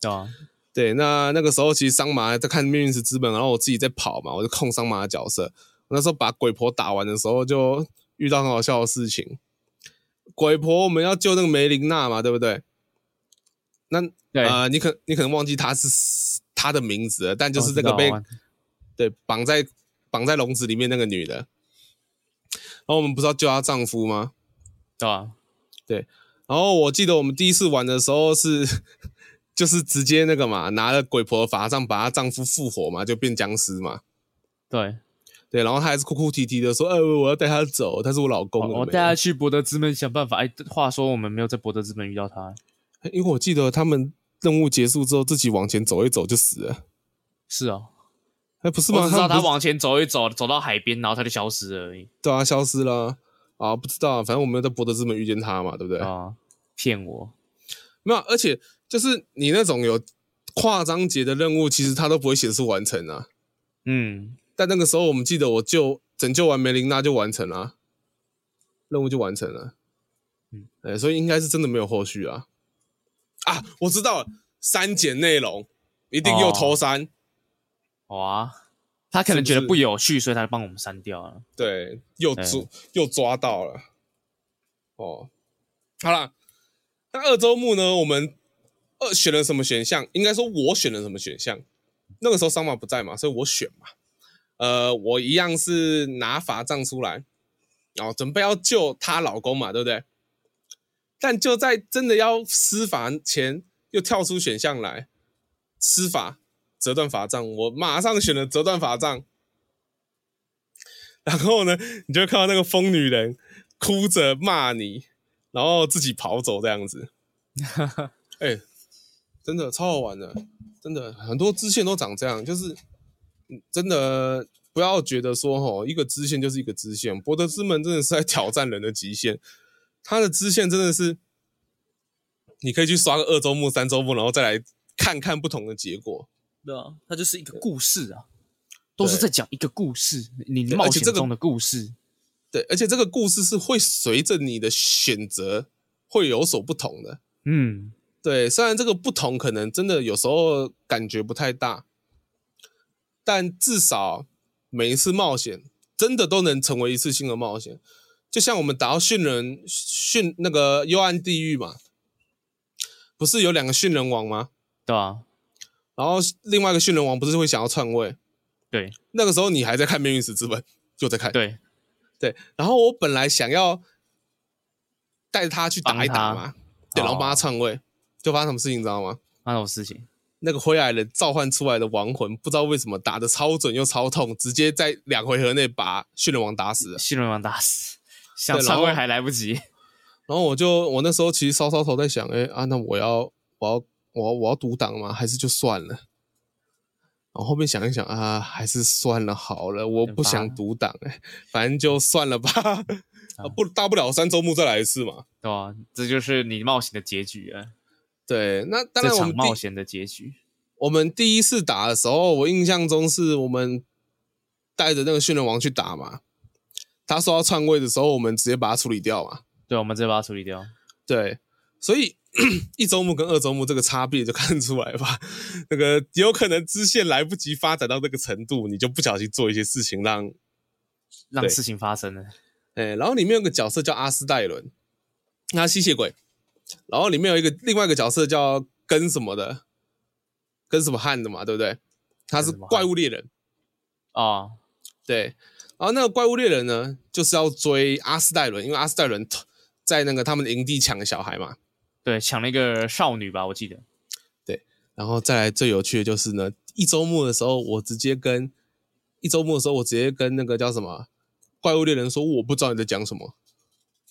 對、哦、啊，對，那那個時候其實桑麻在看命運石之門，然後我自己在跑嘛，我就控桑麻的角色。我那時候把鬼婆打完的時候，就遇到很好笑的事情。鬼婆我們要救那個梅琳娜嘛，對不對？那啊、呃，你可你可能忘記她是。她的名字，但就是這個被、哦哦、對，綁在綁在籠子裡面那個女的，然、哦、後我們不是要救她丈夫嗎？啊、哦，對。然後我記得我們第一次玩的時候是，就是直接那個嘛，拿了鬼婆的法杖把她丈夫復活嘛，就變僵屍嘛。對對，然後她還是哭哭啼啼、啼的說：“呃、欸，我要帶她走，她是我老公。哦”我帶她去博德之門想辦法。哎，話說我們沒有在博德之門遇到她，欸，因為我記得他們。任務結束之後，自己往前走一走就死了。是喔，欸，不是吧？他往前走一走，走到海邊，然後他就消失而已。對啊，消失了啊，不知道，反正我們在博德之門遇見他嘛，對不對？啊，騙我？沒有，而且就是你那種有跨章節的任務，其實他都不會顯示完成啊。嗯，但那個時候我們記得，我就拯救完梅琳娜就完成了，任務就完成了。嗯，欸，所以應該是真的沒有後續啊。啊，我知道了，刪減內容一定又偷刪。哦、哇，他可能覺得不有趣，是是，所以他就幫我們刪掉了。對，又抓又抓到了。哦，好啦，那二周目呢？我們二選了什麼選項？應該說我選了什麼選項？那個時候桑馬不在嘛，所以我選嘛。呃，我一樣是拿法杖出來，然、哦、後準備要救她老公嘛，對不對？但就在真的要施法前，又跳出選項來施法、折斷法杖。我馬上選了折斷法杖，然後呢，你就看到那個瘋女人哭着罵你，然後自己跑走這樣子。哎、 欸，真的超好玩的，真的很多支線都長這樣，就是真的不要覺得說，吼一個支線就是一個支線。博德之門真的是在挑戰人的極限。它的支線真的是，你可以去刷個二周目、三周目，然後再來看看不同的結果。對啊，它就是一個故事啊，都是在講一個故事。你冒險中的故事，對，而且這個，對，而且這個故事是會隨着你的選擇會有所不同的。嗯，對，雖然這個不同可能真的有時候感覺不太大，但至少每一次冒險真的都能成為一次性的冒險。就像我們打到訓人訓那個幽暗地獄嘛，不是有兩個訓人王嗎？對啊。然後另外一個訓人王不是會想要篡位？對。那個時候你還在看《命運石之門》，就在看。對對。然後我本來想要帶他去打一打嘛，對，然後幫他篡位，哦，就發生什麼事情你知道嗎？發生什麼事情？那個灰矮人召喚出來的亡魂，不知道為什麼打得超準又超痛，直接在兩回合內把訓人王打死了，訓人王打死。想上位還來不及，然後我就我那時候其實搔搔頭在想， 哎啊，那我要我要我我要讀檔嗎？還是就算了？然後後面想一想啊，還是算了好了，我不想讀檔哎，反正就算了吧， 不大不了，三周目再來一次嘛，對、啊、吧？這就是你冒險的結局啊。對，那當然我，冒險的結局。我們第一次打的時候，我印象中是我們帶着那個訓練王去打嘛。他說要篡位的時候，我們直接把他處理掉嘛。對，我們直接把他處理掉。對，所以 一周目跟二周目這個差別就看得出來吧。 那個有可能支線來不及發展到這個程度，你就不小心做一些事情讓，讓讓事情發生了。對，對然後裡面有個角色叫阿斯戴倫，他、啊、吸血鬼。然後裡面有一個另外一個角色叫跟什麼的，跟什麼漢的嘛，對不對？他是怪物獵人。啊、哦，對。然後那個怪物獵人呢，就是要追阿斯黛倫，因為阿斯黛倫在那個他們的營地搶小孩嘛，對，搶了一個少女吧，我記得。對，然後再來最有趣的就是呢，一周目的時候，我直接跟一周目的時候，我直接跟那個叫什麼怪物獵人說，我不知道你在講什麼。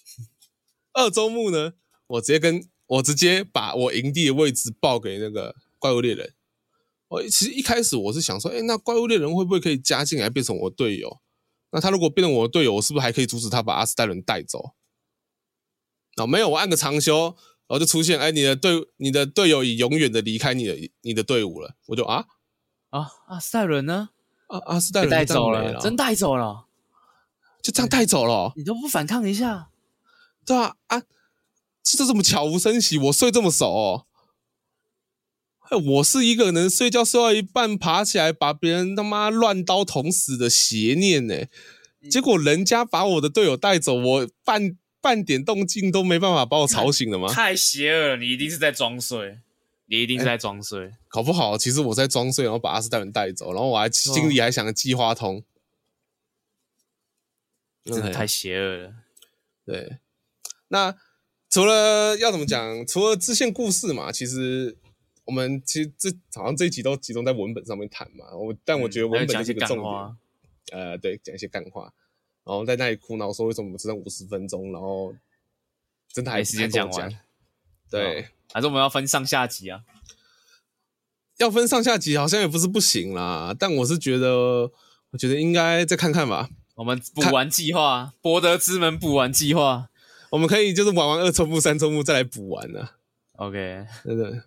二周目呢，我直接跟我直接把我營地的位置報給那個怪物獵人。我其實一開始我是想說，哎，那怪物獵人會不會可以加進來變成我隊友？那他如果變成我的隊友，我是不是還可以阻止他把阿斯泰倫帶走？啊、喔，沒有，我按個長休，然後就出現，哎、欸，你的隊，你的隊友已永遠的離開你的你的隊伍了，我就啊啊阿斯泰倫呢？啊，阿斯泰倫帶走了，了真帶走了，就這樣帶走了、欸，你都不反抗一下？對啊啊，這這怎麼悄無聲息？我睡這麼熟、哦？我是一個能睡覺睡到一半爬起來把別人他媽亂刀捅死的邪念哎、欸，結果人家把我的隊友帶走，我半半點動靜都沒辦法把我吵醒了嗎？太邪惡了！你一定是在裝睡，你一定是在裝睡。搞不好其實我在裝睡，然後把阿斯代倫帶走，然後我還心裡還想計劃通，真、哦、的太邪惡了。對，那除了要怎麼講？除了支線故事嘛，其實。我們其實這好像這一集都集中在文本上面談嘛，我但我覺得文本是一個重點，嗯，講一些幹話。呃，對，講一些幹話，然後在那裡哭鬧說為什麼我們只剩五十分鐘，然後真的還、欸、時間講完，對，嗯、哦，還是我們要分上下集啊？要分上下集好像也不是不行啦，但我是覺得，我覺得應該再看看吧。我們補完計劃，柏德之門補完計劃，我們可以就是玩完二周目、三周目再來補完呢、啊。OK，對，對，對。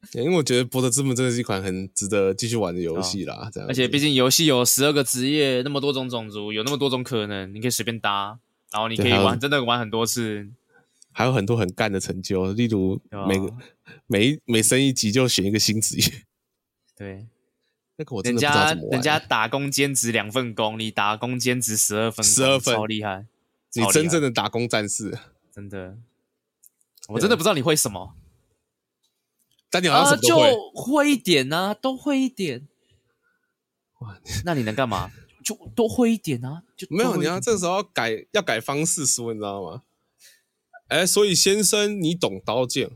因為我覺得《博德之門》真的是一款很值得繼續玩的遊戲啦，oh. 這樣。而且畢竟遊戲有十二個職業，那麼多種種族，有那麼多種可能，你可以隨便搭，然後你可以玩，真的玩很多次。還有很多很乾的成就，例如每個每，每生一每升一級就選一個新職業。對，那個我人家人家打工兼職兩份工，你打工兼職十二份，十二份超厲害，你真正的打工戰士。真的，我真的不知道你會什麼。但你好像什麼都會、啊、就會一點呢、啊，都會一點。哇，那你能幹嘛？ 就都會一點呢、啊，就沒有你要這時候要改要改方式說，你知道嗎？哎、欸，所以先生你懂刀劍，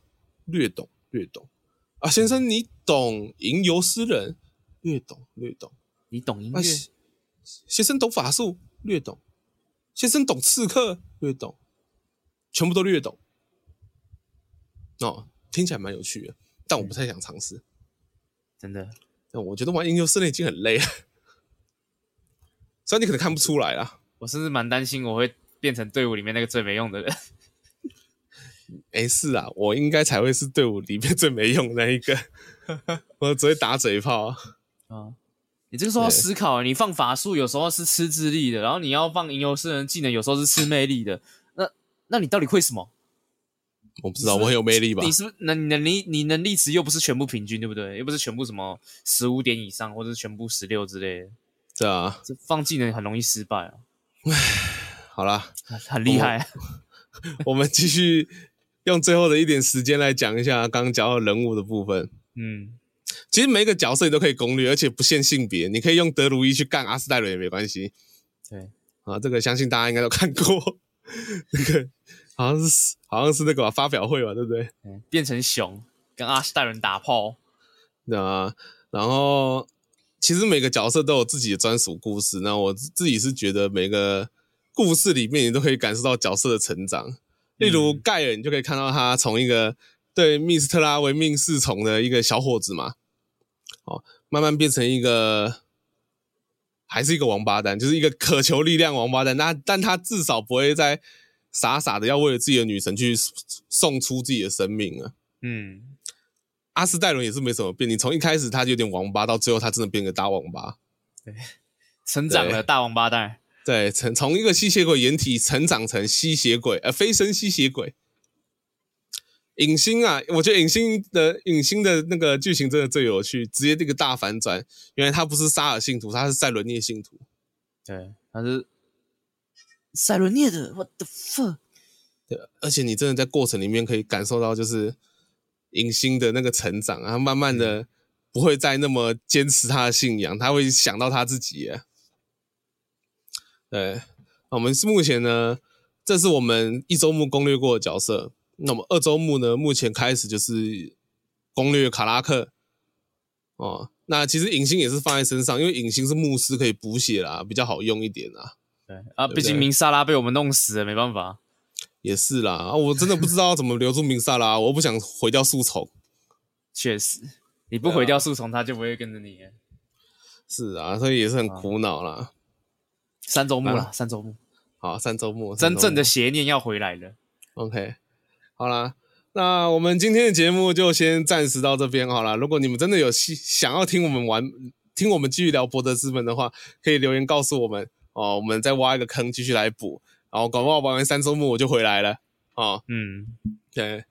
略懂略懂啊。先生你懂吟遊詩人，略懂略懂。你懂音樂、啊，先生懂法術，略懂。先生懂刺客，略懂。全部都略懂。哦，聽起來蠻有趣的。但我不太想嘗試，真的。但我覺得玩吟遊詩人已經很累了，雖 然你可能看不出來啊。我甚至蠻擔心我會變成隊伍裡面那個最沒用的人。沒、欸、事啊，我應該才會是隊伍裡面最沒用的那一個， 我只會打嘴炮。啊，你這個時候要思考、欸，你放法術有時候是吃智力的，然後你要放吟遊詩人技能有時候是吃魅力的， 那那你到底會什麼？我不知道是不是，我很有魅力吧？你是不是能、能能力，你能力值又不是全部平均，對不對？又不是全部什麼十五點以上，或者是全部十六之類的。對啊，這放技能很容易失敗啊。唉，好啦，很厲害。我，我們繼續用最後的一點時間來講一下剛剛講到人物的部分。 嗯，其實每一個角色你都可以攻略，而且不限性別，你可以用德魯伊去幹阿斯代倫也沒關係。對，啊，這個相信大家應該都看過 那個。好像是好像是那個吧，發表會吧，對不對？變成熊跟阿斯大人打炮，那，然後其實每個角色都有自己的專屬故事。那我自己是覺得每個故事裡面你都可以感受到角色的成長。嗯。例如蓋爾，你就可以看到他從一個對密斯特拉唯命是從的一個小伙子嘛，哦，慢慢變成一個還是一個王八蛋，就是一個渴求力量王八蛋。那但，但他至少不會在。傻傻的要為了自己的女神去送出自己的生命啊！嗯，阿斯戴倫也是沒什麼變，你從一開始他就有點王八，到最後他真的變個大王八。對，成長了大王八蛋。對，成從一個吸血鬼掩體成長成吸血鬼，呃，飛昇吸血鬼。影心啊，我覺得影心的影心的那個劇情真的最有趣，直接那個大反轉，原來他不是沙爾信徒，他是賽倫涅信徒。對，他是。塞倫涅的，what the fuck？對，而且你真的在過程裡面可以感受到，就是影心的那個成長啊，慢慢的不會再那麼堅持他的信仰，他會想到他自己、啊。對，我們是目前呢，這是我們一周目攻略過的角色。那麼二周目呢，目前開始就是攻略卡拉克。哦，那其實影心也是放在身上，因為影心是牧師可以補血啦，比較好用一點啦。對對啊，畢竟明撒拉被我們弄死了，沒辦法。也是啦，啊，我真的不知道怎麼留住明撒拉， 我不想毀掉樹叢。確實，你不毀掉樹叢，啊，他就不會跟着你。是啊，所以也是很苦惱啦。啊、三週末了，啊，三週末，好，三週末，三週末，真正的邪念要回來了。OK，好啦，那我們今天的節目就先暫時到這邊好啦，如果你們真的有想想要聽我們玩，聽我們繼續聊博德之門的話，可以留言告訴我們。哦，我們再挖一個坑，繼續來補。然後搞不好玩完三周目我就回來了。哦，嗯，對、okay，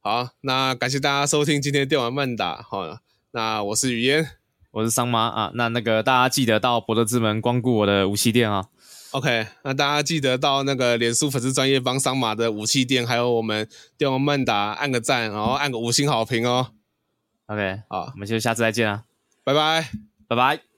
好，那感謝大家收聽今天的電玩慢打。好、哦，那我是雨煙，我是桑媽啊。那那個大家記得到柏德之門光顧我的武器店啊、哦。OK，那大家記得到那個臉書粉絲專業幫桑馬的武器店，還有我們電玩慢打按個讚，然後按個五星好評哦。OK，好、哦，我們就下次再見了，拜拜，拜拜。